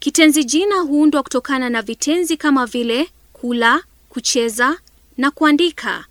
Kitenzi jina huundwa kutokana na vitenzi kama vile kula, kucheza na kuandika.